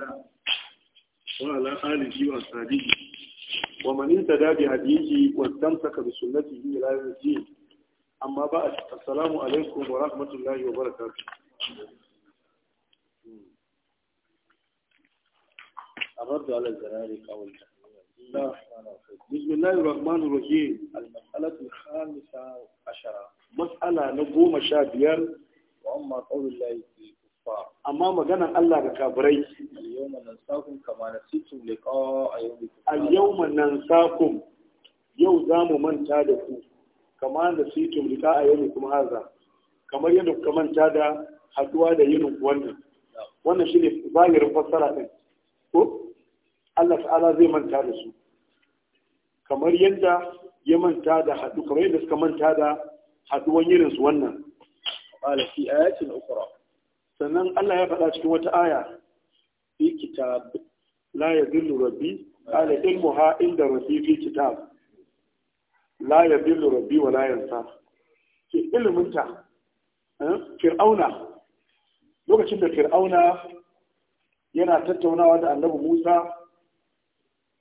وعلى آله وأصحابه ومن انتدى بهديه واستمسك بسنته إلى يوم الدين أما بعد السلام عليكم ورحمة الله وبركاته الرد على الزراري قول بسم الله الرحمن الرحيم المسألة الخامسة عشرة مسألة نقوم شابير وأما قول الله في amma maganan Allah ga kafirai al-yawma nansakum yau za mu manta da ku kama da situm liqa a yau kuma haza kamar yadda kuka manta da haduwa da yin wannan wannan shine zahirin fassara din ko Allah ta'ala zai manta da su kamar yadda ya manta da haduwa kamar yadda suka manta da haduwan irin su wannan qala fi ayatin ukhra sannan Allah ya faɗa cikin wata aya fi kitab la zillu rabbi ala ha inda rabbi fi kitab la zillu rabbi wa la yansa ke iliminta eh, fir'auna lokacin da fir'auna yana tattaunawa da annabi Musa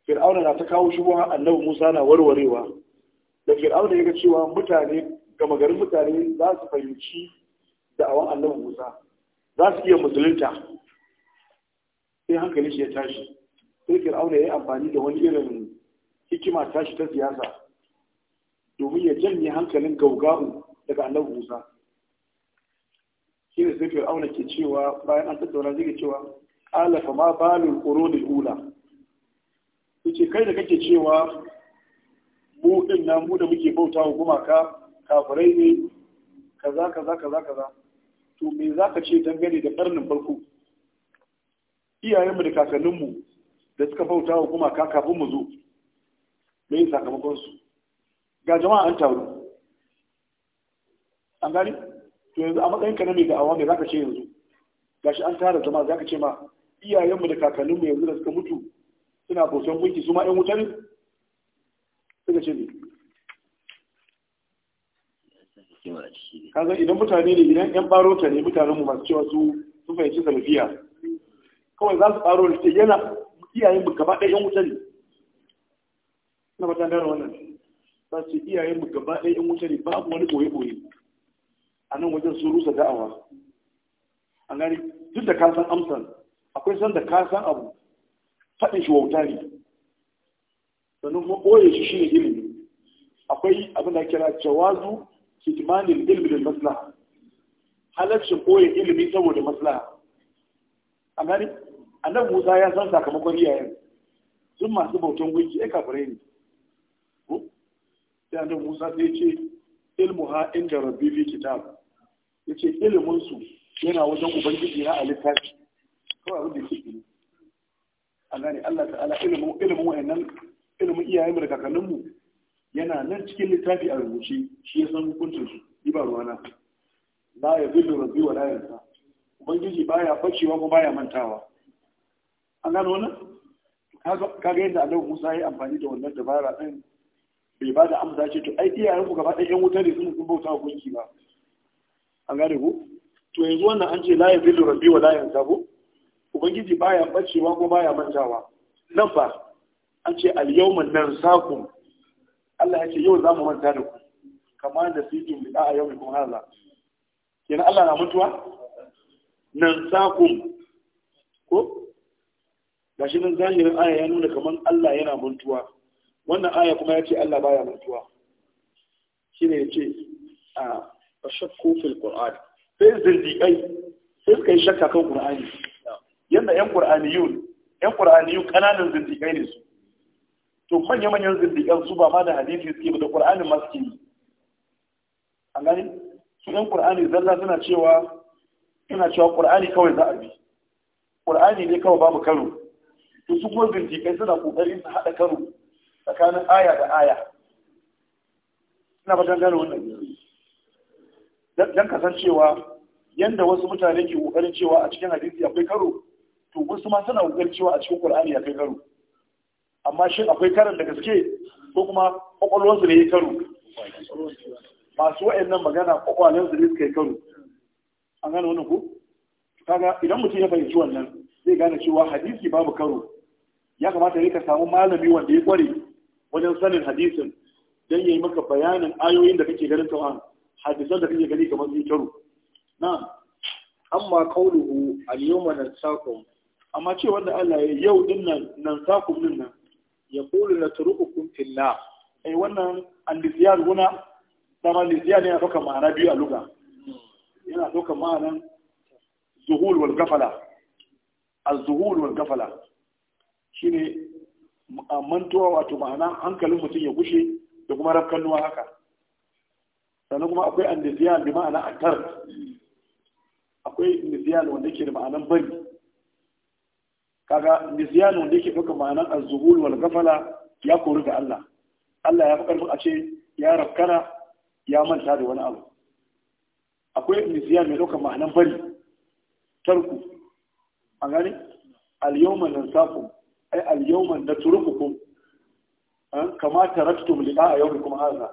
fir'auna na ta kawo shubuha annabi Musa na warwarewa da fir'auna ya ga cewa mutane gama garin mutane za su fahimci da'awan annabi Musa za su iya musulunta sai hankali shi ya tashi sai fir'auna ya yi amfani da wani irin hikima tashi ta siyasa domin ya janye hankalin gauga'u daga annabi musa shi ne sai fir'auna ke cewa bayan an tattauna zai cewa alafa ma balul qurunil ula ce kai da kake cewa mu din nan mu da muke bauta wa gumaka kafirai ne kaza kaza kaza kaza to me za ka ce dangane da ƙarnin farko iyayenmu da kakanninmu da suka bauta wa ka kafin mu zo me yin sakamakonsu ga jama'a an taru an gani to yanzu a matsayin ka na mai da'awa me za ka ce yanzu gashi an tara zama za ka ce ma iyayenmu da kakanninmu yanzu da suka mutu suna bautan gunki su ma 'yan wuta ne suka ce ne cewa kaga idan mutane ne idan yan ta ne mutanen mu masu cewa su sun fahimci salafiya kawai za su baro da yana iyayen mu gaba ɗaya yan wuta ne na ba tandara wannan za su iyayen mu gaba ɗaya yan wuta ne babu wani boye-boye a nan wajen sun rusa da'awa a gani duk da kasan amsan akwai san da kasan abu faɗin shi wauta ne sannan kuma ɓoye shi shi ne ilimi akwai abin da kira jawazu kitmanin ilimin da maslaha halarcin koya ilimi saboda maslaha a gani annan musa ya san sakamakon iyayen sun masu bautan wiki ya kafirai ne sai annan musa sai ce ilmu ha inda rabbi fi kitab ya ce iliminsu yana wajen ubangiji na a littafi kawai abin da ke gini a gani allah ta'ala ilimin ilimin wa'annan ilimin iyayen da kakanninmu yana nan cikin littafi a rubuce shi ya san hukuncin su ni ba ruwana la ya zillu rabbi wa la yansa ubangiji baya bacewa ko baya mantawa an gano wannan kaga yadda Allah Musa ya amfani da wannan dabara din bai ba da amsa ce to ai iyayen ku gaba ɗaya yan wuta ne sun bauta wa gunki ba an gane ku to yanzu wannan an ce la ya zillu rabbi wa la yansa ko ubangiji baya bacewa ko baya mantawa nan fa an ce al nan nansakum Allah ya ce yau za mu manta da ku kamar da su yi a yau mai kuma haza kenan Allah na mutuwa nan ku ko shi nan zahirin aya ya nuna kamar Allah yana mutuwa wannan aya kuma ya ce Allah baya mutuwa ne ya ce a shakku fil qur'an sai zindiƙai sai suka yi shakka kan qur'ani yanda yan qur'aniyun yan qur'aniyun kananan zindiƙai ne su to manya-manyan zindigan su ba ma da hadisi suke ba da ƙur'anin ma suke yi an gani su ɗan ƙur'ani zalla suna cewa suna cewa ƙur'ani kawai za a bi ƙur'ani ne kawai babu karo to su kuma zindigai suna ƙoƙarin su haɗa karo tsakanin aya da aya suna ba gano wannan don kasancewa yadda wasu mutane ke ƙoƙarin cewa a cikin hadisi akwai karo to wasu ma suna ƙoƙarin cewa a cikin ƙur'ani akwai karo amma shin akwai karin da gaske ko kuma kwakwalwansu ne ya karo masu wa'annan magana kwakwalensu ne suka yi karo an gane wani ku kaga idan mutum ya fahimci wannan zai gane cewa hadisi babu karo ya kamata ne ka samu malami wanda ya kware wajen sanin hadisin don ya yi maka bayanin ayoyin da kake ganin tawa hadisan da kake gani kamar zai karo na'am amma yau al-yawma nasakum amma ce wanda Allah ya yau din nan nan din nan yaqulu latrukukum fillah ai wannan al-lizyal guna dama ne yana dauka ma'ana biyu a luga yana dauka ma'anan zuhul wal gafala az-zuhul wal gafala shine mantuwa wato ma'ana hankalin mutum ya gushe da kuma rafkannuwa haka sannan kuma akwai al-lizyal bi ma'ana atar akwai lizyal wanda ke da ma'anan bari kaga nisyanun da yake ɗaukar ma'anar azzuhul wal gafala ya kori ga Allah Allah ya fi karfin a ce ya rafkana ya manta da wani abu akwai nisyan mai ɗaukar ma'anar bari tarku a gani al-yawma nansakum ay al-yawma natrukukum kama a yau kuma haza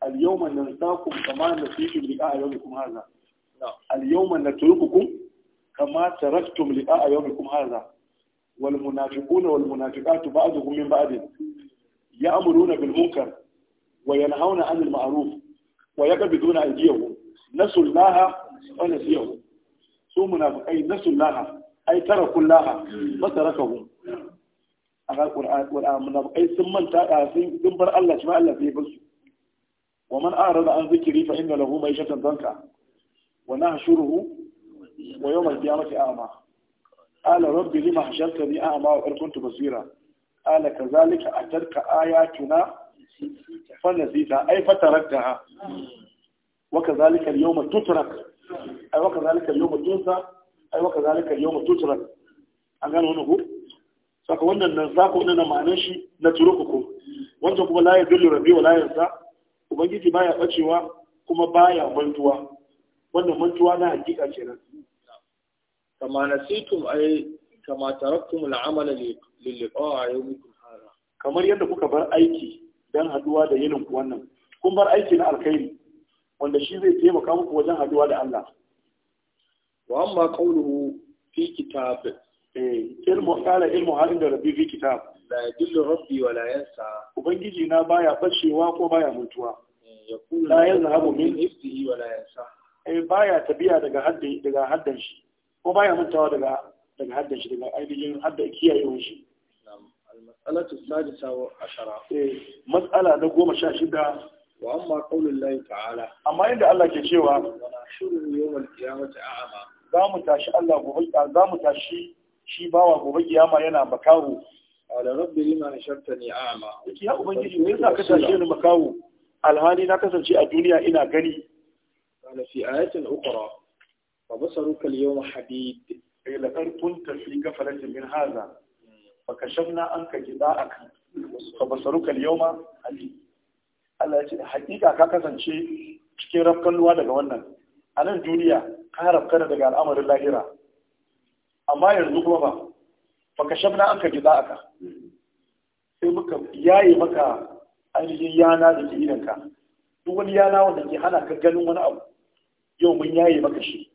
al nan safu kama na a yau kuma haza al na natrukukum kama ta taraktum liqa'a kuma haza والمنافقون والمنافقات بعضهم من بعض يأمرون بالمنكر وينهون عن المعروف ويقبضون أيديهم نسوا الله ونسيهم su munafikai nasu laha ai tara kullaha matarakahu aga qur'an munafikai sun manta da ah, sun bar Allah ma Allah zai bar su wa man arada an zikri fa inna lahu ma'ishatan wa قال رب لما حشرتني أعمى وإن كنت بصيرا قال كذلك أتتك آياتنا فنسيتها أي فتركتها وكذلك اليوم تترك أي وكذلك اليوم تنسى أي وكذلك اليوم تترك أنا هنا هو saka wannan nan za ku wannan ma'anar shi na turukuku wancan kuma la ya dillu rabbi wa la ubangiji baya bacewa kuma baya mantuwa wannan mantuwa na hakika kenan kama nasitum ay kama taraktum al'amal lil liqa'a yawmikum hada kamar yadda kuka bar aiki dan haduwa da yinin wannan kun bar aiki na alkhairi wanda shi zai taimaka muku wajen haduwa da Allah wa amma qawluhu fi kitab eh ilmu qala ilmu hadin da rabbi fi kitab la yadillu rabbi wa la yansa ubangiji na baya bacewa ko baya mutuwa la yazhabu min ifdihi wa la yansa eh baya tabiya daga haddi daga haddanshi. ko baya mantawa daga daga hadda shi daga ainihin hadda kiyayewar shi al ta sadisa wa ashara eh Matsala na goma sha shida wa amma qaulul lahi ta'ala amma inda Allah ke cewa shuru yawmal qiyamati a'ama za mu tashi Allah gobe za mu tashi shi bawa gobe kiyama yana makawo ala rabbi lima hashartani a'ama ki ya ubangiji me yasa ka tashi ni makawo alhali na kasance a duniya ina gani kana fi ayatin ukhra فبصرك اليوم حديد اي لقد كنت في kunta من هذا فكشفنا عنك جزاءك فبصرك anka حديد fa basaruka al-yawma hadid Allah ya ce hakika ka kasance cikin daga wannan a nan duniya ka da daga al'amarin lahira amma yanzu kuma ba fa kashafna anka ka sai muka yaye maka ainihin yana da ke idanka duk wani yana wanda ke hana ka ganin wani abu yau mun yaye maka shi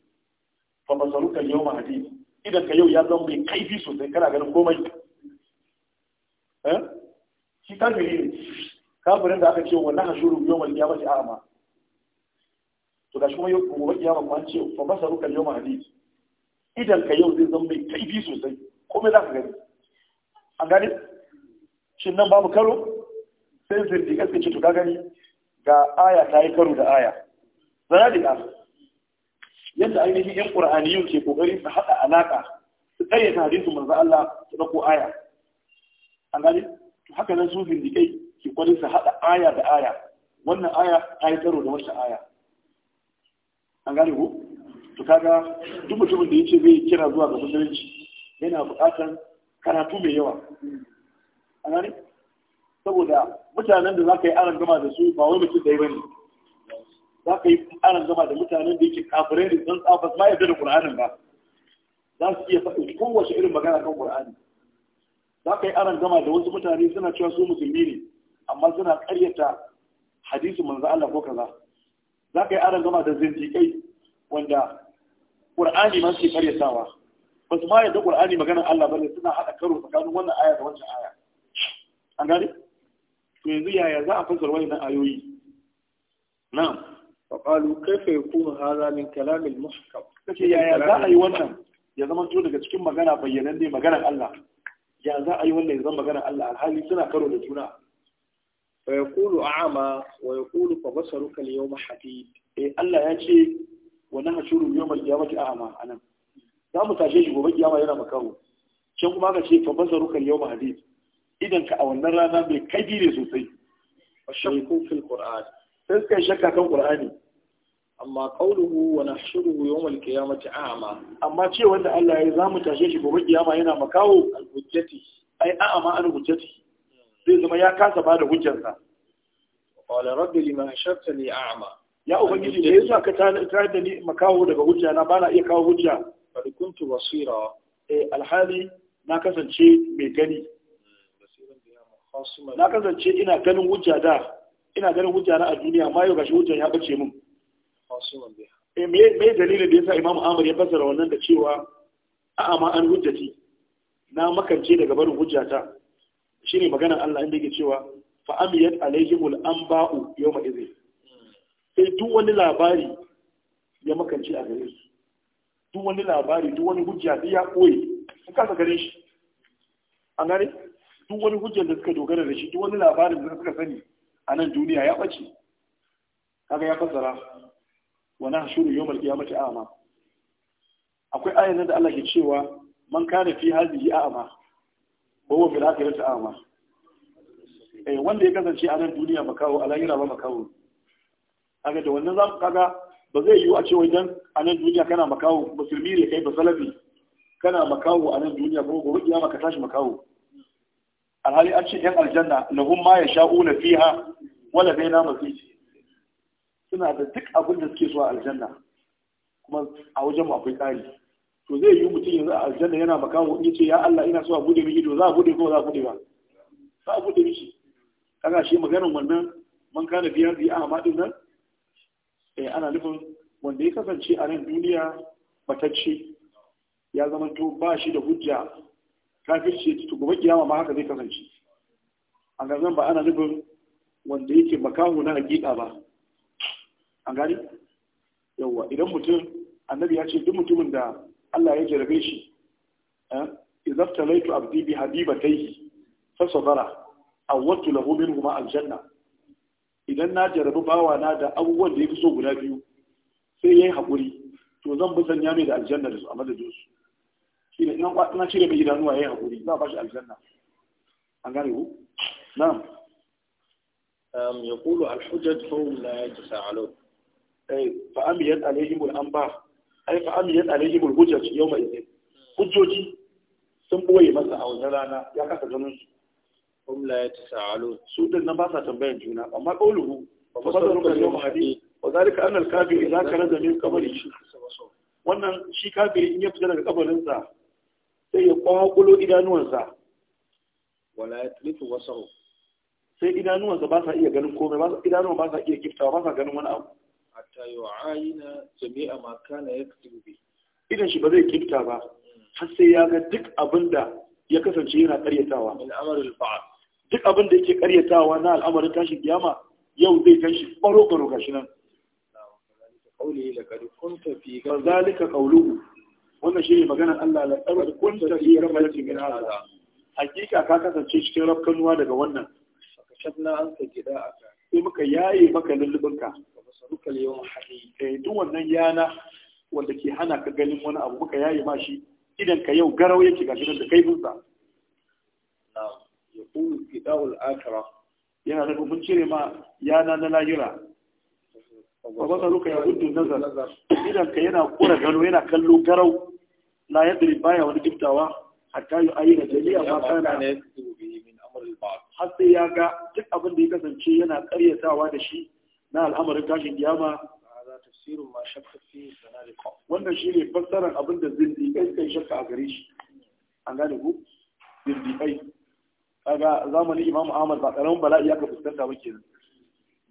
fa basaruka yau mahadi idan ka yau ya zama mai kaifi sosai kana ganin komai eh shi kafiri ne kafirin da aka ce wa naha shuru yawmal shi a'ama. to gashi kuma yau gobe kiyama kuma ce fa basaruka yau mahadi idan ka yau zai zama mai kaifi sosai komai za ka gani an gani shin nan babu karo sai zirga suka ce to ka gani ga aya ta yi karo da aya zanadika yadda ainihin yan yau ke ƙoƙari su haɗa alaƙa su ta hadisu manzo Allah su dauko aya an gani to haka nan su zindikai ke ƙwari su haɗa aya da aya wannan aya ta yi tsaro da wata aya an gani ko to kaga duk mutumin da ya ce zai kira zuwa ga musulunci yana buƙatar karatu mai yawa an gani, saboda mutanen da za ka yi aran gama da su ba wani mutum da yi bane za ka yi ƙaran zama da mutanen da yake kafirai da zan tsafas ma yadda da ƙur'anin ba za su iya faɗi kowace irin magana kan ƙur'ani za ka yi aran zama da wasu mutane suna cewa su musulmi ne amma suna ƙaryata hadisin manzo Allah ko kaza za ka yi aran zama da zindiƙai wanda ƙur'ani ma suke ƙaryatawa ba su ma yadda ƙur'ani maganar Allah ba ne suna haɗa karo tsakanin wannan aya da wancan aya an gani to yanzu yaya za a fassara wannan ayoyi na'am fa kaifa kayfa yakunu hadha min kalam al mushkam kace yaya za a yi wannan ya zama to daga cikin magana bayyanan ne maganar Allah ya za a yi wannan ya zama maganar Allah alhali suna karo da juna fa yaqulu a'ma wa yaqulu fa basaruka al yawma hadid eh Allah ya ce wa nahshuru yawm al qiyamati a'ma anan za mu tashe shi gobe kiyama yana makaro can kuma ka ce fa basaruka al yawm hadid idan ka a wannan rana bai kai ne sosai wa shakku fil qur'an sai suka yi shakka kan qur'ani amma qauluhu wa nahshuruhu yawm al-qiyamati a'ma amma ce wanda Allah ya zamu tashe shi gobe kiyama yana makawo al-hujjati ai a'ma al-hujjati zai zama ya kasa ba da hujjarsa qala rabbi lima ashartani a'ma ya ubangiji me yasa ka tare da ni makawo daga hujja na bana iya kawo hujja fa kuntu basira eh alhali na kasance mai gani hmm, na kasance ina ganin hujja da ina ganin hujja na a duniya amma yau gashi hujjan ya bace min eh, me dalilin da yasa imamu amir ya fassara wannan da cewa a'a ma an hujjati na makance daga barin hujjata shine maganar Allah inda yake cewa fa amiyat alaihimul anba'u yawma idhin sai duk wani labari ya makance a gare su duk wani labari duk wani hujja da ya koyi su kasa gare shi an gane duk wani hujjar da suka dogara da shi duk wani labarin da suka sani a nan duniya ya ɓace kaga ya fassara wa nahshuru mace a a'ma akwai ayan da Allah ke cewa man kare fi a a'ma wa huwa fil akhirati a'ma eh wanda ya kasance a nan duniya makawo a lahira ba makawo kaga da wannan zamu kaga ba zai yiwu a cewa idan a nan duniya kana makawo musulmi ne kai ba salafi kana makawo a nan duniya ko gobe kiyama ka tashi makawo alhali an ce yan aljanna lahum ma yasha'una fiha wala baina mazid suna da duk abin da suke so a aljanna kuma a wajen akwai ƙari. to zai yi mutum yanzu a aljanna yana makawo in ce ya Allah ina so a bude miki to za a bude ko za a bude ba za a bude miki kaga shi maganar wannan man kana biyar bi a amadin nan eh ana nufin wanda ya kasance a nan duniya batacce ya zama to ba shi da hujja kafirci ya ci to gobe kiyama ma haka zai kasance an gazan ba ana nufin wanda yake makaho na hakika ba an gani yawa idan mutum annabi ya ce duk mutumin da Allah ya jarabe shi eh, idza talaitu abdi bi habibatayhi fa sabara awwatu lahu minhuma aljanna idan na jarabi bawa na da abubuwan da ya fi so guda biyu sai yayi hakuri to zan bi sanya mai da aljanna da su a madadin su shi da ina cire mai idanuwa ya yi haƙuri za a bashi aljanna an gane ku na'am يقول الحجج فهم لا يتساءلون فأميت عليهم الأنباء أي فأميت عليهم الحجج يومئذ Hujjoji sun boye masa a wajen rana ya kasa ganin su hum la yatasaalu su din nan ba sa tambayan juna amma qawluhu fa basaru kal yawm hadi wa zalika anna al kafir idza kana min qabri wannan shi kafiri in ya fita daga kabarin sa sai ya kwakulo idanuwansa wala ya tulitu wasu sai idanuwansa ba sa iya ganin komai ba ba sa iya kiftawa ba sa ganin wani abu hatta yu'ayina jami'a ma kana yaktubu bi idan shi ba zai kifta ba har sai ya ga duk abin da ya kasance yana karyatawa duk abin da yake karyatawa na al'amarin tashin kiyama yau zai kan shi baro baro gashi nan kazalika qawluhu wannan shi ne maganar Allah la tsara kunta fi rabbatin min hada hakika ka kasance cikin rafkanuwa daga wannan kashafna an ka gida sai muka yaye maka lullubinka basaruka yawm hadi eh, duk wannan yana wanda ke hana ka ganin wani abu muka yaye ma shi idan ka yau garau yake ga gidan da kai bunsa yana da mun cire ma yana na lahira wabazaruka ya gudun nazar idanka yana kura gano yana kallo garau na baya wani giftawa hatta yi ayi da jaliya ya ga duk abin da ya kasance yana karyatawa da shi na al'amarin tashin yama wannan shi ne fassarar abin da zindiƙai kai shakka a gare shi an gane ku zindiƙai kaga zamanin imamu ahmad ba karamin bala'i aka ka fuskanta ba kenan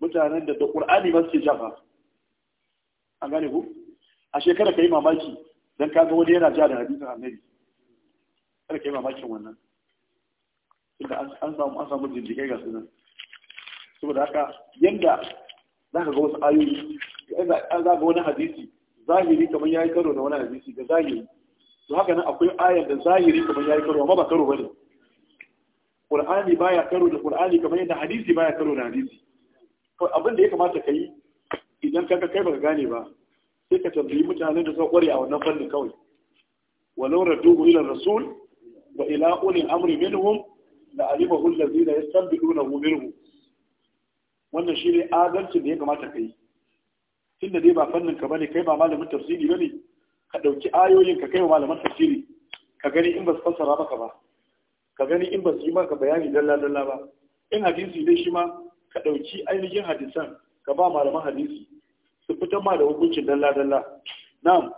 mutanen da da qur'ani ba suke jafa an gane ku a shekara ka yi mamaki don ka ga wani yana ja da hadisin annabi kada ka yi mamakin wannan inda an samu an samu jinjikai ga sunan saboda haka yadda za ka ga wasu ayoyi an za ga wani hadisi zahiri kamar ya yi karo da wani hadisi ga zahiri to haka nan akwai ayar da zahiri kamar ya yi karo amma ba karo bane qur'ani baya karo da qur'ani kamar yadda hadisi baya karo da hadisi abin da ya kamata ka yi idan ka kai baka gane ba sai ka tambayi mutanen da suka kware a wannan fannin kawai walau radduhu ila rasul wa ila uli amri minhum la alimahu allazina yastabiduna minhum wannan shine adalci da ya kamata kai tunda dai ba fannin ka bane kai ba malamin tafsiri bane ka dauki ayoyin ka kai ba malamin tafsiri ka gani in ba su fassara maka ba ka gani in ba su yi maka bayani dalla dalla ba in hadisi dai shi ma ka dauki ainihin hadisan ka ba malaman hadisi su fitar ma da hukuncin dalla dalla na'am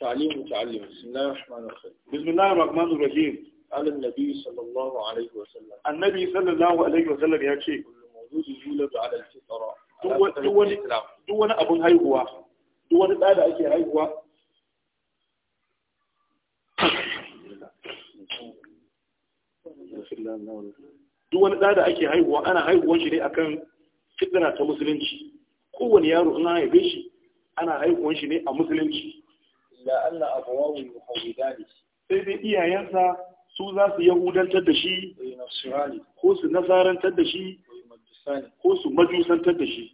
تعليم تعليم بسم الله الرحمن الرحيم بسم الله الرحمن الرحيم قال النبي صلى الله عليه وسلم النبي صلى الله عليه وسلم يا شيخ المولود يولد على الفطرة duk wani abin haihuwa duk wani ɗa da ake haihuwa duk wani ɗa da ake haihuwa ana haihuwan shi ne akan fitna ta musulunci kowane yaro in an haife shi ana haihuwan shi ne a musulunci la alla abawahu yuhawidani sai dai iyayensa su za su yahudantar da shi ko su nasarantar da shi ko su majusantar da shi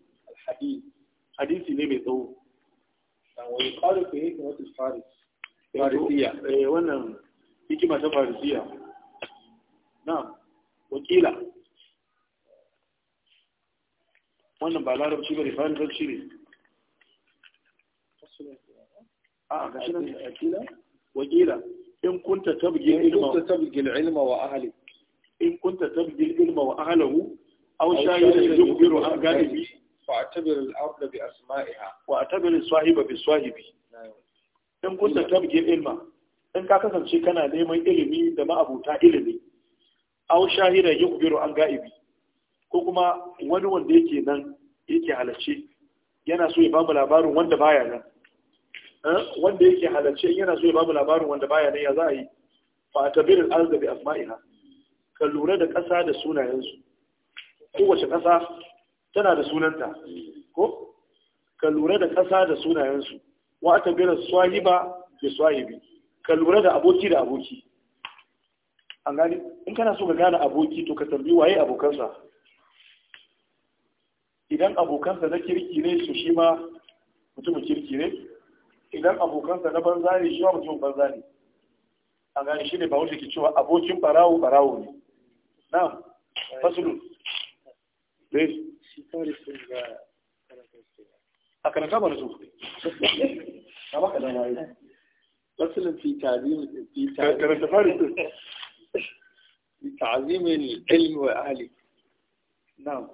hadisi ne mai tsawo eh, eh, wannan hikima ta farisiya na wakila wannan ba larabci ba ne ba larabci ne a ga shi nan wakila wakila in kunta tabgil ilma in kunta tabgil ilma wa ahli in kunta tabgil ilma wa ahlihi aw shahidan yukhbiru an gadibi fa'tabir al-abda bi asma'iha wa atabir as-sahiba bi sahibi in kunta tabgil ilma in ka kasance kana neman ilimi da ma'abuta ilimi aw shahidan yukhbiru an gaibi ko kuma wani wanda yake nan yake halarci yana so ya bamu labarin wanda baya nan eh, wanda yake halarci yana so ya bamu labarin wanda baya nan ya za a yi fa tabir al-ardi bi asma'iha ka lura da ƙasa da sunayensu kowace ƙasa tana da sunanta ko ka lura da ƙasa da sunayensu wa tabir as-sahiba bi sahibi ka lura da aboki da aboki an gani in kana so ka gane aboki to ka tambayi waye abokansa idan abokansa na kirki ne su shi ma mutumin kirki ne idan abokansa na banza ne shi ma mutumin banza ne a gani shi ne ba wuce ke cewa abokin barawo barawo ne Na fasulun ne eh. a karanta ba na so na baka da mayu fasulun fi tazim fi tazim karanta fari fi tazim ilmi wa ahali na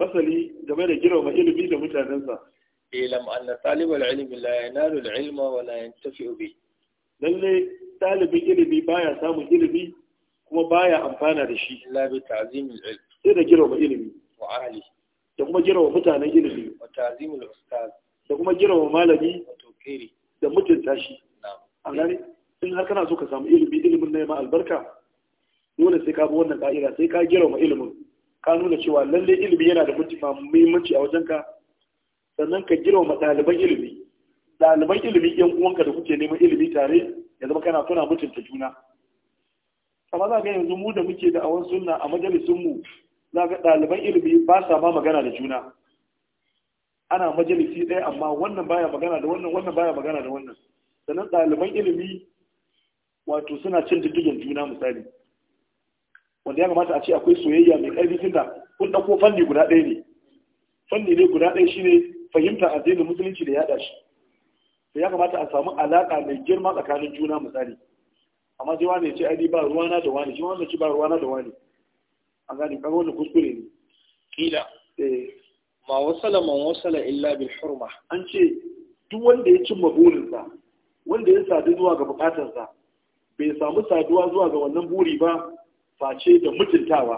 fasali game da girma ilimi da mutanensa ilam eh, na talibar ilimi la yanalu al ilima wa la tafi obi. lalle talibin ilimi baya samun ilimi kuma baya amfana da shi la bi ta'zimil ilimi. sai da girma ilimi wa ahli da kuma girma mutanen ilimi wa ta'zimul ustaz da kuma girma malami wa tawqiri da mutunta shi na'am gane in har kana so ka samu ilimi ilimin ne ma albarka dole sai ka bi wannan ka'ida sai ka girma ilimin ka nuna cewa lalle ilimi yana da muhimmanci a wajenka sannan ka girma ɗaliban ilimi ɗaliban ilimi yan uwanka da kuke neman ilimi tare ya zama kana tuna mutunta juna amma za ga yanzu mu da muke da awon sunna a majalisunmu za ga ɗaliban ilimi ba sa ma magana da juna ana majalisi ɗaya amma wannan baya magana da wannan wannan baya magana da wannan sannan ɗaliban ilimi wato suna cin diddigin juna misali wanda ya kamata a ce akwai soyayya mai ƙarfi tunda kun ɗauko fanni guda ɗaya ne fanni ne guda ɗaya shine fahimta addinin musulunci da yaɗa shi to ya kamata a samu alaƙa mai girma tsakanin juna misali amma sai wani ya ce ai ba ruwana da wani shi wanda ci ba ruwana da wani an gane kaga wannan kuskure ne kila eh ma wasala ma wasala illa bil hurma an ce duk wanda ya cimma burinsa wanda ya sadu zuwa ga bukatarsa bai samu saduwa zuwa ga wannan buri ba face da mutuntawa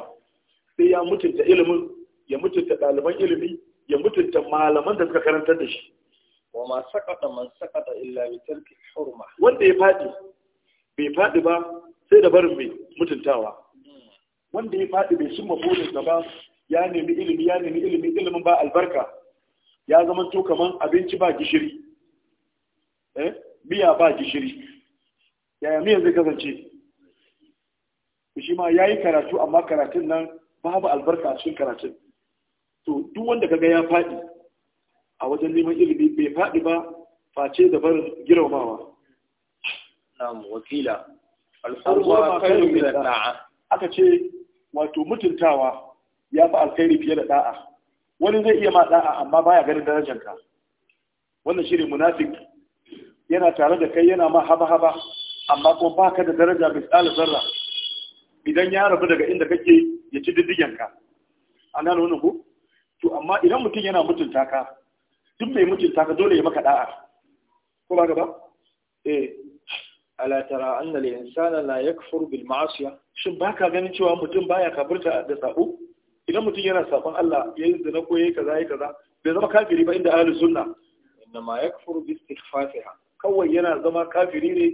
sai ya mutunta ilimin ya mutunta ɗaliban ilimi ya mutunta malaman da suka karantar da shi wa ma sakata man sakata illa bi tarki hurma wanda ya fadi bai fadi ba sai da barin mai mutuntawa hmm. wanda ya fadi bai cimma burinsa ba ya nemi ilimi ya nemi ilimi ilimin ba albarka ya zama to kaman abinci ba gishiri eh miya ba gishiri yaya miyan zai kasance shi ma ya yi karatu amma karatun nan babu albarka a cikin karatun to duk wanda kaga ya faɗi a wajen neman ilimi bai faɗi ba face da barin girmamawa na'am wakila kai khairu da da'a aka ce wato mutuntawa ya fi alkhairi fiye da da'a wani zai iya ma da'a amma baya ganin darajarka wannan shine munafik yana tare da kai yana ma haba haba amma kuma baka da daraja misali zarra idan ya rabu daga inda kake ya ci diddigenka an gano wani ku. to amma idan mutum yana mutunta ka duk mai mutunta ka dole ya maka da'a ko ba gaba eh ala tara anna lil insana la yakfur bil ma'asiya shin baka ganin cewa mutum baya kafirta da sako idan mutum yana sakon Allah yayin da ko yayi kaza yayi kaza bai zama kafiri ba inda ahlus sunna ma yakfur bi istighfafiha kawai yana zama kafiri ne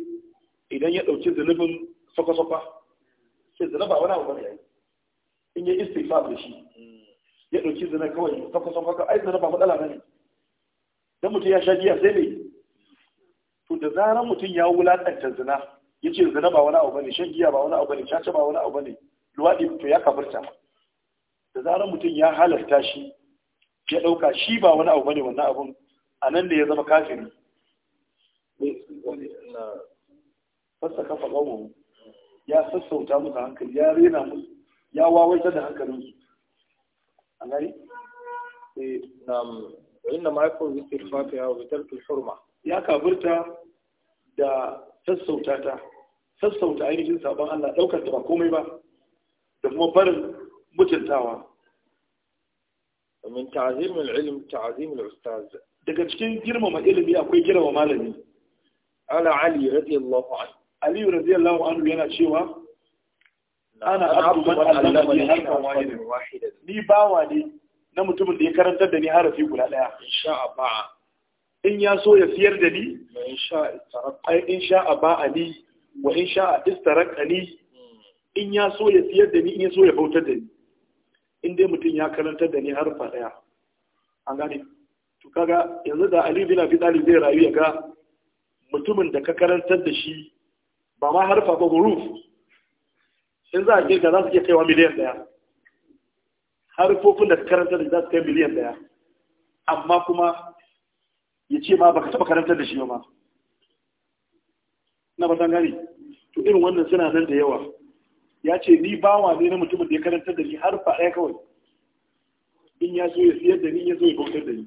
idan ya dauki zunubin sokosofa sakwa ke zina ba wani abu bane yayi in yi istighfar da shi ya dauki zina kawai sako sako ka ai zina ba matsala bane dan mutum ya sha giya sai bai to da zaran mutum ya wulakanta zina yace zina ba wani abu bane shan giya ba wani abu bane shace ba wani abu bane luwadi to ya kafirta da zaran mutum ya halarta shi ya dauka shi ba wani abu bane wannan abun a nan da ya zama kafiri fasa kafa gawo ya sassauta musu hankali ya rena musu ya wawaita da su a gani inda eh, ma'aikon zikir fatiha wa fitar hurma ya kafirta da sassauta ta sassauta ainihin sabon Allah daukar ta ba komai ba da kuma barin mutuntawa min al ilm al ustaz daga cikin girmama ilimi akwai girmama malami ala ali radiyallahu anhu aliyu radiyallahu anhu yana cewa ana abdu man allama ne harfan wahidan ni bawa ne na mutumin da ya karanta da ni harafi guda daya insha Allah in ya so ya siyar da ni in sha a ba'a ni wa in sha a istaraka ni hmm. in ya so ya siyar da ni in ya so ya bautar da ni in dai mutum ya karanta da ni harfa daya an gane to kaga yanzu da Ali bin Abi Talib zai rayu ya ga mutumin da ka karantar da shi ba ma harfa ba huruf in za a girka za su iya kaiwa miliyan daya harfofin da karanta da za su kai miliyan daya amma kuma ya ce ma ba ka taɓa karanta da shi ba na batan gani to irin wannan suna nan da yawa ya ce ni bawa ne na mutumin da ya karanta da ni harfa ɗaya kawai in ya so ya siyar da ni ya zo ya bautar da ni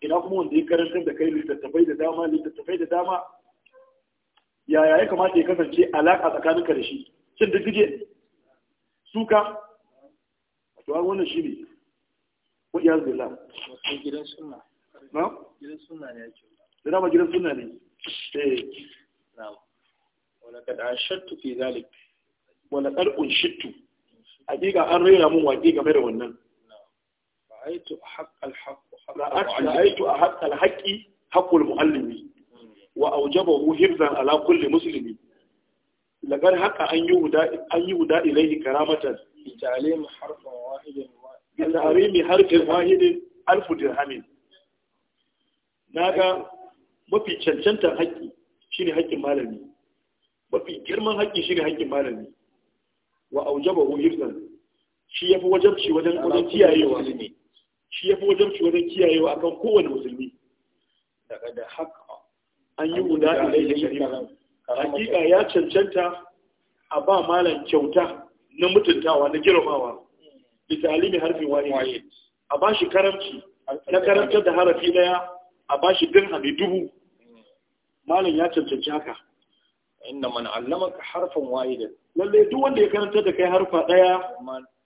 ina kuma wanda ya karanta da kai littattafai da dama littattafai da dama yaya ya kamata ya kasance alaƙa tsakaninka da shi cin diddige suka to an wannan shi ne wa iyaz billah wato gidan sunna gidan suna ne yake da dama gidan sunna eh. wala kad ashadtu fi zalik wala qad an raira mun waƙe game da wannan ra'aytu haqqal haqq ra'aytu haqqal haqqi haqqul muallimi wa aujabahu hifzan ala kulli muslimi lagar haka an yi huda an yi huda ilayhi karamatan ta'lim harfan wahidin wa ta'limi harfin wahidin alf dirhamin naga mafi cancantar haƙƙi shine haƙƙin malami mafi girman haƙƙi shine haƙƙin malami wa aujabahu hifzan shi yafi wajabci wajen wajen kiyayewa shi yafi wajabci wajen kiyayewa akan kowane musulmi daga da haka an yi guda da shari'a hakika ya cancanta a ba malam kyauta na mutuntawa na girmamawa bi talimi harfin waye a ba shi karamci na karantar da harafi daya a ba shi hami dubu malam ya cancanci haka inna man allamaka harfan wahidan lalle duk wanda ya karanta da kai harfa daya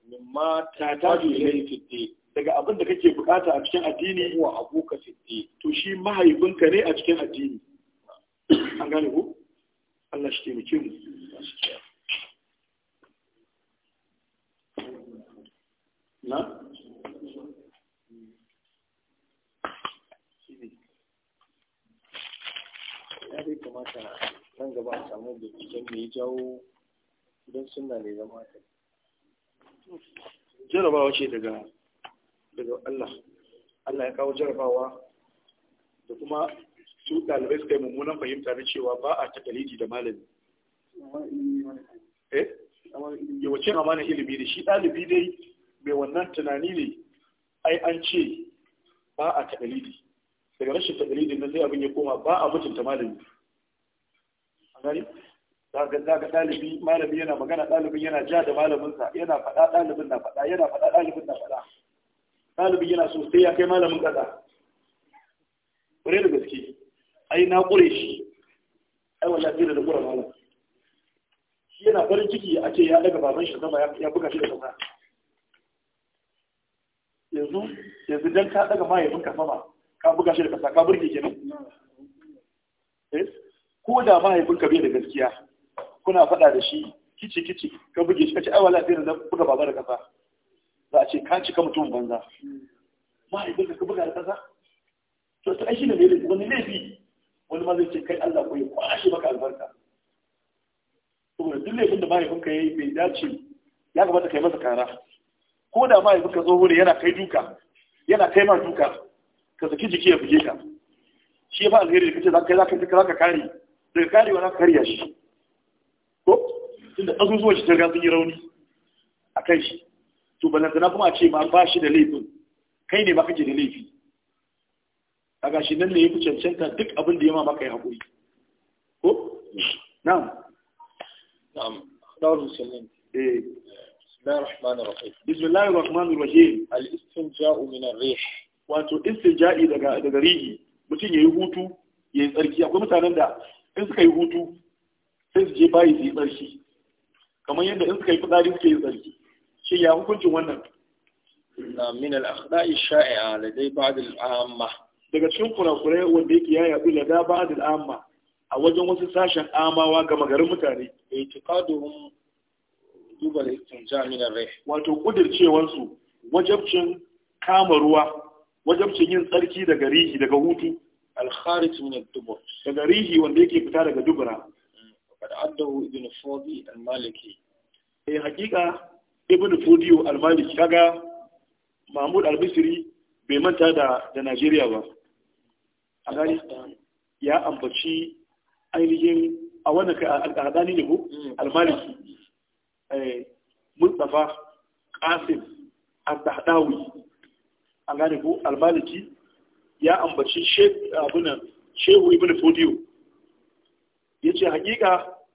mimma tataju ilayhi fitte. daga abin da kake bukata a cikin addini wa abuka fitte. to shi mahaifinka ne a cikin addini an gane ku Allah shi taimake mu na ya dai kamata nan gaba a samu binciken da ya jawo idan suna ne zama ta jarabawa ce daga daga Allah Allah ya kawo jarabawa da kuma su ɗalibai suka yi mummunan fahimta na cewa ba a takaliji da malami eh yawacin amanar ilimi ne shi ɗalibi dai mai wannan tunani ne ai an ce ba a takalidi daga rashin takalidi na sai abin ya koma ba a mutunta malami a gani za ga ɗalibi malami yana magana ɗalibin yana ja da malaminsa yana faɗa ɗalibin na faɗa yana faɗa ɗalibin na faɗa ɗalibin yana so sai ya kai malamin ƙasa ƙwarai da ai na shi ai wallahi sai da ƙura malam shi yana farin ciki a ce ya daga baban shi zama ya buga shi da sauka yanzu yanzu don ka daga mahaifin ka sama ka buga shi da kasa ka burge kenan eh? ko da mahaifin ka bai da gaskiya kuna faɗa da shi kici kici ka buge shi ka ce ai wallahi sai da buga baba da kasa za a ce ka cika mutum banza mahaifin ka buga da kasa to ta aishi ne wani laifi wani ma zai ce kai Allah ko ya kwashe maka albarka saboda duk laifin da mahaifinka ya yi bai dace ya kamata kai masa kara ko da mahaifinka tsoho ne yana kai duka yana kai ma duka ka saki jiki ya buge ka shi ya fa alheri da kace za ka za ka kare daga karewa za ka karya shi ko tunda azuzuwan shi ta riga sun yi rauni a kai shi to balantana kuma a ce ma ba shi da laifin kai ne ba kake da laifi a gashi nan ne ya fi cancanta duk abin da ya ma maka ya haƙuri ko na'am na'am dawar musulun eh bismillahir rahmanir rahim bismillahir rahmanir rahim al istinja'u min ar-rih wato istinja'i daga daga rihi mutum yayi hutu yayi tsarki akwai mutanen da in suka yi hutu sai su je bayi su yi tsarki kamar yadda in suka yi fitsari suke yi tsarki shi ya hukuncin wannan na min al-akhda'i sha'i'a ladai ba'd al-amma daga cikin kurakurai wanda yake ya yaɗu da daba da amma a wajen wasu sashen amawa ga magarin mutane itiqaduhum duba da istinja min rai. wato kudircewan wajabcin kama ruwa wajabcin yin tsarki daga rihi daga hutu alkhari tun min ad-dubur daga rihi wanda yake fita daga dubura qad addahu ibn fudi al-maliki eh hakika ibn fudi al-maliki kaga mahmud al-bisri bai manta da da Najeriya ba a gani ya ambaci ainihin a wannan al'adani ne ko mm. almaliki eh, mustapha qasim al-dahdawi a gane ko almaliki ya ambaci shehu ibn fodiyo ya ce hakika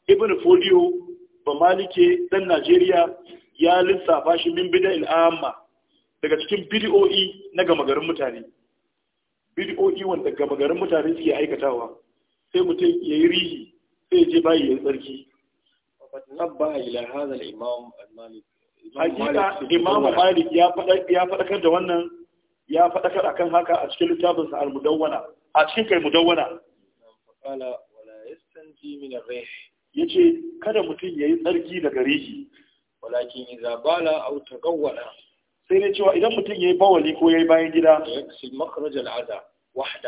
ibn fodiyo ba malike dan najeriya ya lissafa shi min bida il'amma daga cikin bidiyo'i na gama garin mutane bid'o'i wanda gama garin mutane suke aikatawa sai mutum ya yi rihi sai ya je bayi ya tsarki nabba ila hadha al-imam al-malik hakika imam malik ya faɗakar da wannan ya faɗakar akan haka a cikin littafin sa al-mudawwana a cikin kai mudawwana qala wala yace kada mutum ya yi tsarki daga rihi walakin idza bala aw tagawwala sai dai cewa idan mutum ya yi bawali ko ya yi bayan gida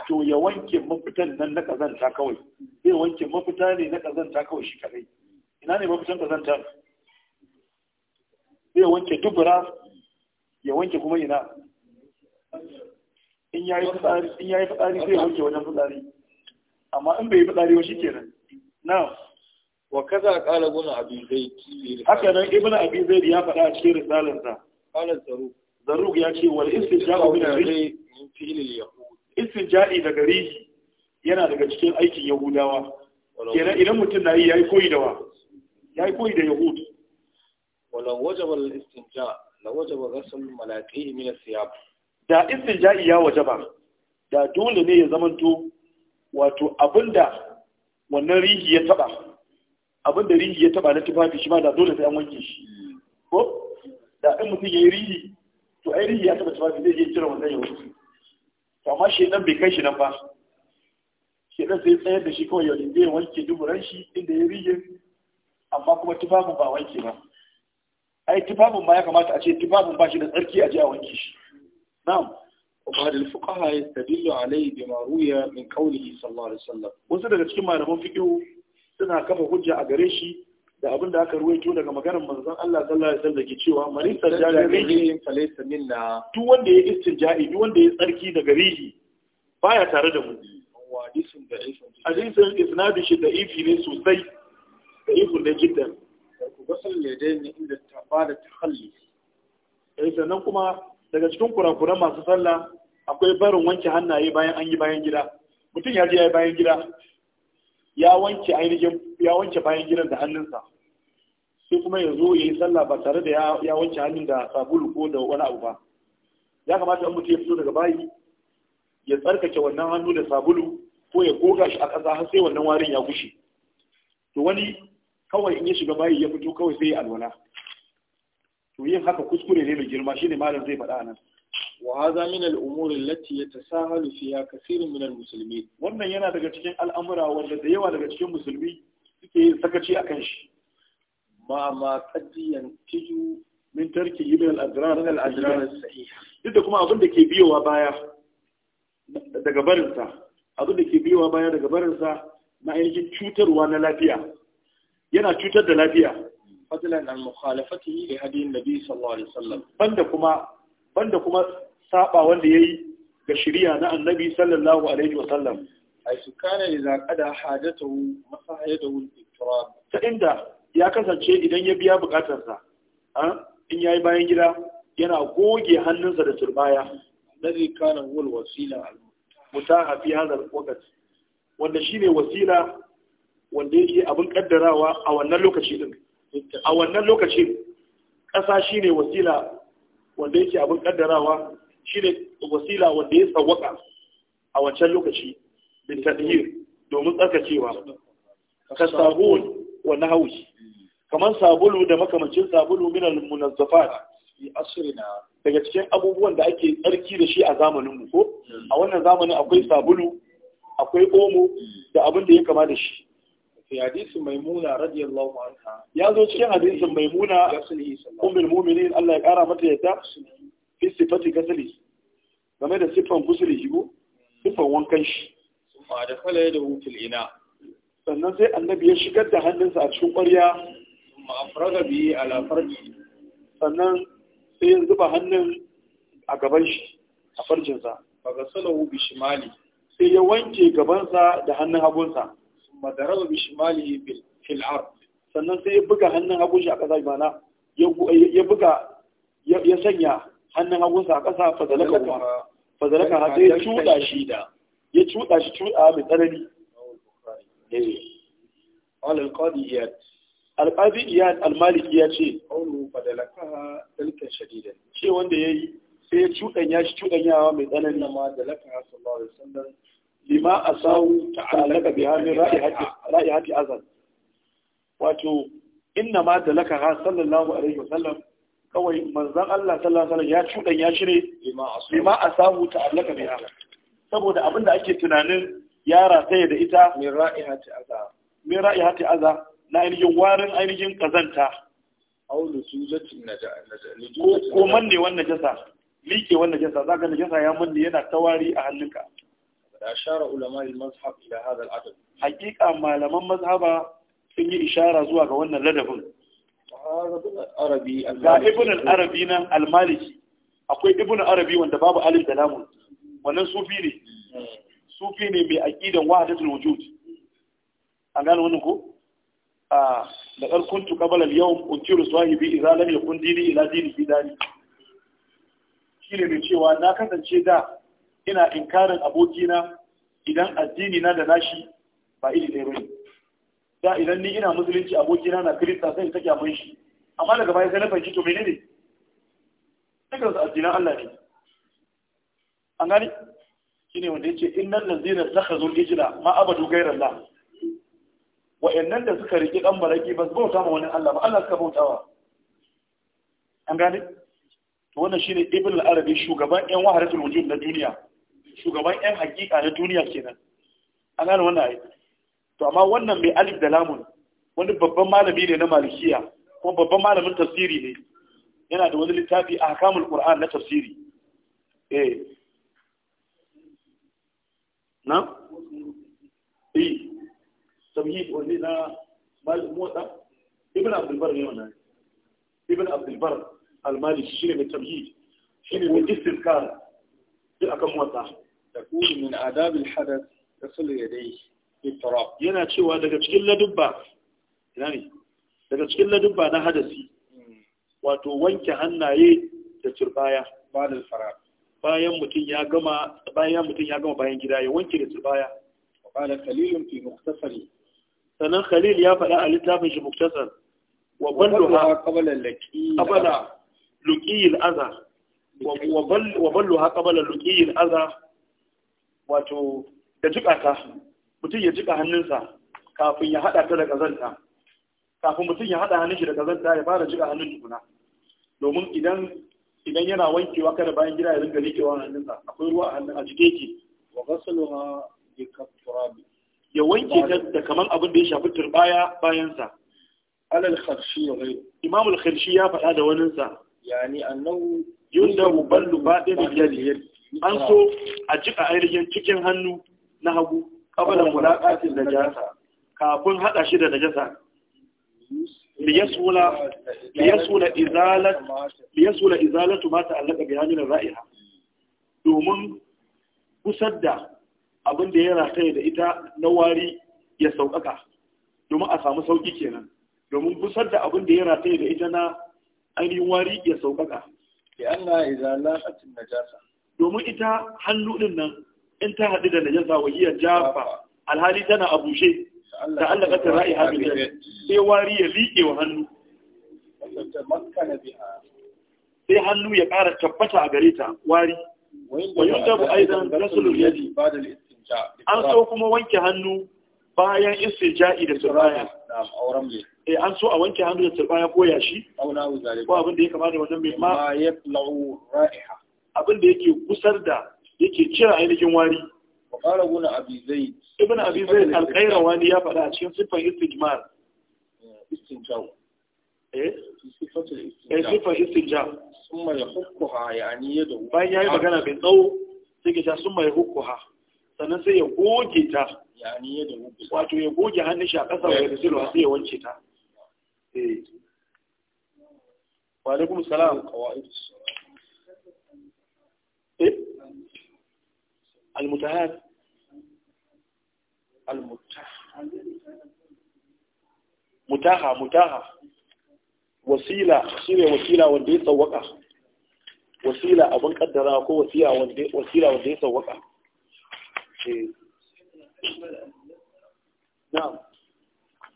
to ya wanke mafitan nan na kazanta kawai zai wanke mafita ne na kazanta kawai shi kadai ina ne mafitan kazanta zai wanke dubura ya wanke kuma ina in ya yi fitsari zai wanke wajen fitsari amma in bai yi fitsari wa shi kenan na wa kaza kala guna abin zai haka nan ibn abin zai ya faɗa a cikin risalarsa qala ya ce wal istija'u yana daga cikin aikin yahudawa idan mutum na yi yayi koyi da wa da istinja la wajaba ghasl malaqihi da ya da ne ya zamanto wato abinda wannan rihi ya taba abinda rihi ya taba na tufafi shi ma da dole sai an wanke shi ko da in mutum ya yi rihi to ai rihi ya taɓa tufafi zai je cire wannan ya wuce to amma shi nan bai kai shi nan ba shi nan sai tsayar da shi kawai yau zai wanke duburan shi inda ya rige, amma kuma tufafin ba wanke ba ai tufafin ba ya kamata a ce tufafin ba shi da tsarki a je a wanke shi na'am وقال الفقهاء يستدل عليه بما روي من قوله صلى الله عليه وسلم وصدق cikin malaman fiqh suna kafa hujja a gare da abin da aka ruwaito daga maganar manzon Allah sallallahu alaihi wasallam ke cewa marisa istinja'a ne rihin falaysa minna duk wanda ya istinja'i duk wanda ya tsarki daga rihi baya tare da mu hadisin da hadisin isnadu shi da ifi ne sosai da ifi ne jiddan ku gasal ne dai ne inda ta da takhalli eh sannan kuma daga cikin kurakuran masu sallah akwai barin wanke hannaye bayan an yi bayan gida mutum ya je ya yi bayan gida ya wanke ainihin ya wanke bayan gidan da hannunsa sai kuma ya zo ya yi sallah ba tare da ya wanke hannun da sabulu ko da wani abu ba ya kamata in mutum ya fito daga bayi ya tsarkake wannan hannu da sabulu ko ya goga shi a ƙasa har sai wannan warin ya gushe to wani kawai in ya shiga bayi ya fito kawai sai ya alwala to yin haka kuskure ne mai girma shine malam zai faɗa nan wa hadha min al-umur allati yatasahalu fiha kathirun min al-muslimin wannan yana daga cikin al'amura wanda da yawa daga cikin musulmi suke yin sakaci akan shi ma ma qadiyan min tarki ibn al-adrar min duk da kuma abin da ke biyowa baya daga barinsa abin da ke biyowa baya daga barin na ainihin cutarwa na lafiya yana cutar da lafiya fadlan an mukhalafatihi li hadiyin nabi sallallahu alaihi wasallam banda kuma banda kuma saba wanda yayi ga shari'a na annabi sallallahu alaihi wasallam ai su kana idza qada hajatahu masahayatahu al-ikram ta inda ya kasance idan ya biya bukatarsa in ya yi bayan gida yana goge hannunsa da turbaya zai kana wul wasila a fi hadha wakati wanda shi ne wasila wanda yake abin kaddarawa a wannan lokaci din a wannan lokaci kasa ne wasila wanda yake abin kaddarawa ne wasila wanda ya tsawaka a wancan lokaci bin tadhir domin tsarkacewa kasabun Wani haushi. kamar sabulu da makamancin sabulu min al fi asrina daga cikin abubuwan da ake tsarki da shi a zamanin mu ko a wannan zamanin akwai sabulu akwai omo da abin da ya kama da shi في حديث maimuna radiyallahu anha عنها يا زوج كان حديث ميمونة Allah ya الله mata متى يتا في صفة كسلي game da siffan kusuri shigo siffan wankan shi ma da kala da ina sannan sai annabi ya shigar da hannunsa a cikin ƙwarya ma'afraga bi ala sannan sai ya zuba hannun a gaban shi a farjinsa faga salahu bishimali. sai ya wanke gabansa da hannun hagunsa madaraba bi shimali fil ard sannan sai ya buga hannun hagun shi a ƙasa bana ya buga ya sanya hannun hagunsa a ƙasa fazalaka ha sai ya cuɗa shi ya cuɗa shi cuɗa mai tsanani قال القاضي إياد القاضي إياد المالكي يا شيء قوله فدلكها دلكا شديدا شيء وانده يي sai ya cudan ya shi cuɗanyawa mai tsananin nama da laka sallallahu alaihi wasallam lima asawu ta'allaka bi hamin ra'i hati azan wato inna ma da laka sallallahu alaihi wasallam kawai manzon Allah sallallahu alaihi wasallam ya cuɗanya shi ne lima asawu ta'allaka bi saboda abinda ake tunanin Yara rataye da ita min ra'ihati aza min ra'ihati aza na ainihin warin ainihin kazanta aw lusujatin najasa ko manne wannan jasa liƙe wannan jasa zaka najasa ya manne yana tawari a hannunka da ashara ulama al-mazhab ila hadha al-adab haqiqa malaman mazhaba sun yi ishara zuwa ga wannan ladabin ga ibn al-arabi nan al-maliki akwai ibn arabi wanda babu alif da lamun wannan sufi ne hmm. sufi ne mai aqidan wahdatul wujud an gane wannan ko a da karkun tu qabala al-yawm untiru sahibi idza lam yakun dini ila dini fi dani shine mai cewa na kasance da ina inkarin abokina idan addini na da nashi ba iri ɗaya bane da idan ni ina musulunci abokina na kirista sai ta take amin shi amma daga baya sai na fahimci to menene dukkan su addinan Allah ne an gani shine wanda yake innal ladzina takhazul ijla ma abadu wa wa'annan da suka riki dan baraki ba su bauta ma wani Allah ba Allah suka bautawa an gane to wannan shine ibn al-arabi shugaban yan waharatul wujud na duniya shugaban yan hakika na duniya kenan an gane wannan ai to amma wannan mai alif da lamun wani babban malami ne na malikiya ko babban malamin tafsiri ne yana da wani littafi ahkamul qur'an na tafsiri eh na? eh tamhid wanne na malin motsa ibn abdulbar ne wannan ibn abdulbar shi ne mai tamhid shi ne mai istiskar duk akan motsa yana cewa daga cikin ladubba daga cikin ladubba na hadasi hmm. wato wanke hannaye da turbaya ba da bayan mutum ya gama bayan mutum ya gama bayan gida ya wanke da tsibaya qala khalilun fi muktasari sanan khalil ya fada a littafin shi muktasar wa balluha qabla laqi qabla luqi al-adha wa balluha qabla luqi al-adha wato da jikata mutum ya jika hannunsa kafin ya hada ta da kazanta kafin mutum ya hada hannun shi da kazanta ya fara jika hannun tukuna domin idan idan yana wankewa kada bayan gida ya rinka wannan hannunsa akwai ruwa a hannun a jike ki wa ghasaluha bi kafrabi ya wanke ta da kaman abin da ya shafi turbaya bayan sa alal kharshi wa ghayr imam al kharshi ya faɗa da wanin sa yani annahu yundahu ballu badin yadi an so a jika ainihin cikin hannu na hagu Kafin mulaqatin najasa kafin hada shi da najasa liyasula izalatu ma ta'allaka bi hamil ra'iha domin kusar da abin da ya rataya da ita na wari ya sauƙaƙa domin a samu sauƙi kenan domin kusar da abin da ya rataya da ita na ainihin wari ya sauƙaƙa li'anna izala hatin najasa domin ita hannu din nan in ta haɗu da najasa wa iya jafa alhali tana a bushe da Allah ka tsara sai wari ya liƙe wa hannu sai hannu ya ƙara tabbata a gare ta wari wajen dabu aizan rasulun yadi an so kuma wanke hannu bayan istinja'i da turbaya eh an so a wanke hannu da turbaya ko yashi ko abin da ya kamata wajen mai ma abin da yake kusar da yake cire ainihin wari وقال ابن أبي زيد ابن أبي زيد القيرواني يفعل عشان صفة استجمار استنجاو إيه صفة الاستنجاء صفة الاستنجاء ثم يحكها يعني يده باين يعني مكانها بالضوء سيكتا ثم يحكها sannan sai ya goge ta wato ya goge hannun shi a ƙasa wa yadda silwa sai ya wance ta wa alaikum salam al-mutahad mutaha mutaha wasila shine wasila wanda ya tsawaka wasila abin kaddara ko wasila wanda wasila wanda ya tsawaka eh na'am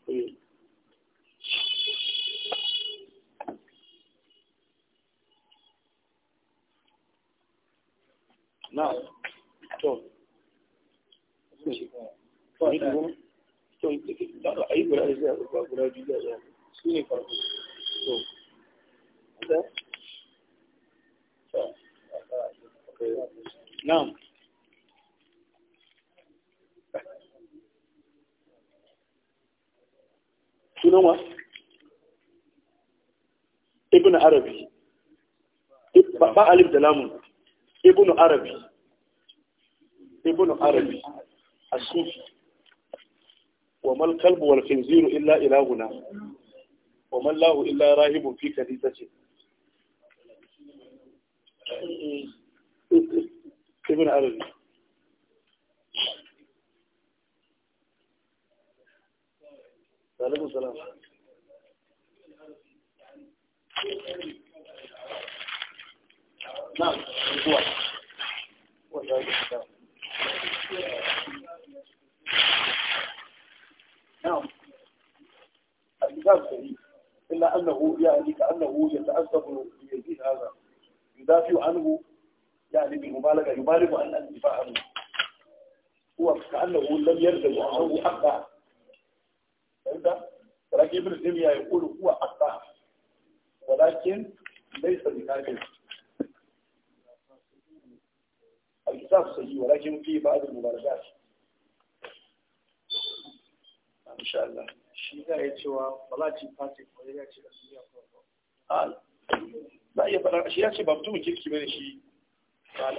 eh na'am to to a yi guda da ba guda biyu da su ne farko to da na'am sunan wa ibn arabi ba alif da lamun ibn arabi ibn arabi wa mal kalbu wal illa ilahuna wa man illa rahibun fi kadisati نعم هو هو نعم الكتاب صحيح إلا أنه يعني كأنه يتأسف بيزيد هذا يدافع عنه يعني بالمبالغة يبالغ عن الدفاع عنه هو كأنه لم يلزم عنه حقا فهمت؟ ولكن ابن تيمية يقول هو حقا ولكن ليس بكافر الكتاب صحيح ولكن فيه بعض المبالغات insha Allah shi za ya cewa ba za ci fasi ko ya ce da duniya ko ba ya fara shi ya ce ba mutumin kirki bane shi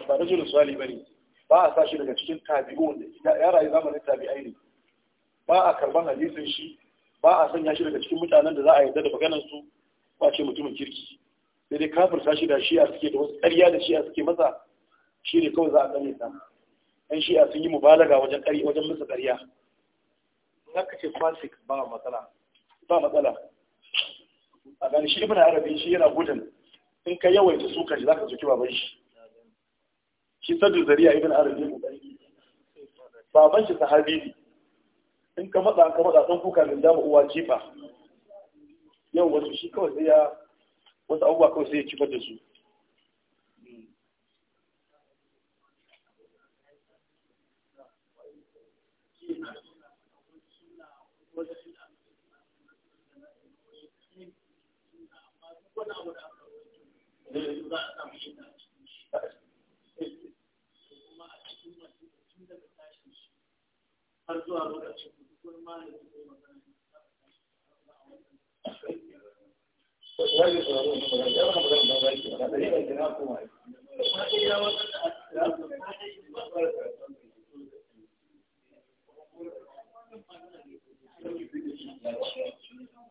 ba na jirin suwali bane ba a sa shi daga cikin tabi'u tabi'un ya rayu zamanin tabi'ai ne ba a karban hadisin shi ba a sanya shi daga cikin mutanen da za a yarda da maganar su ba ce mutumin kirki sai dai kafirta shi da shi'a suke da wasu ƙarya da shi'a suke masa shi ne kawai za a ƙarya ta ɗan shi'a sun yi mubalaga wajen musu ƙarya na ce fasik ba matsala ba matsala a gani shi ibn arabi shi yana gudun in ka yawaita su sukan shi zaka soki baban shi shi sadu zariya ibn arabi baban shi sahabi ne in ka matsa ka matsa dan kuka da dama uwa jifa yau wasu shi kawai sai ya wasu abubuwa kawai sai ya kifar da su wannan abu da aka rubuta a samu yin da kuma a cikin masu tun daga tashin shi har zuwa Thank you.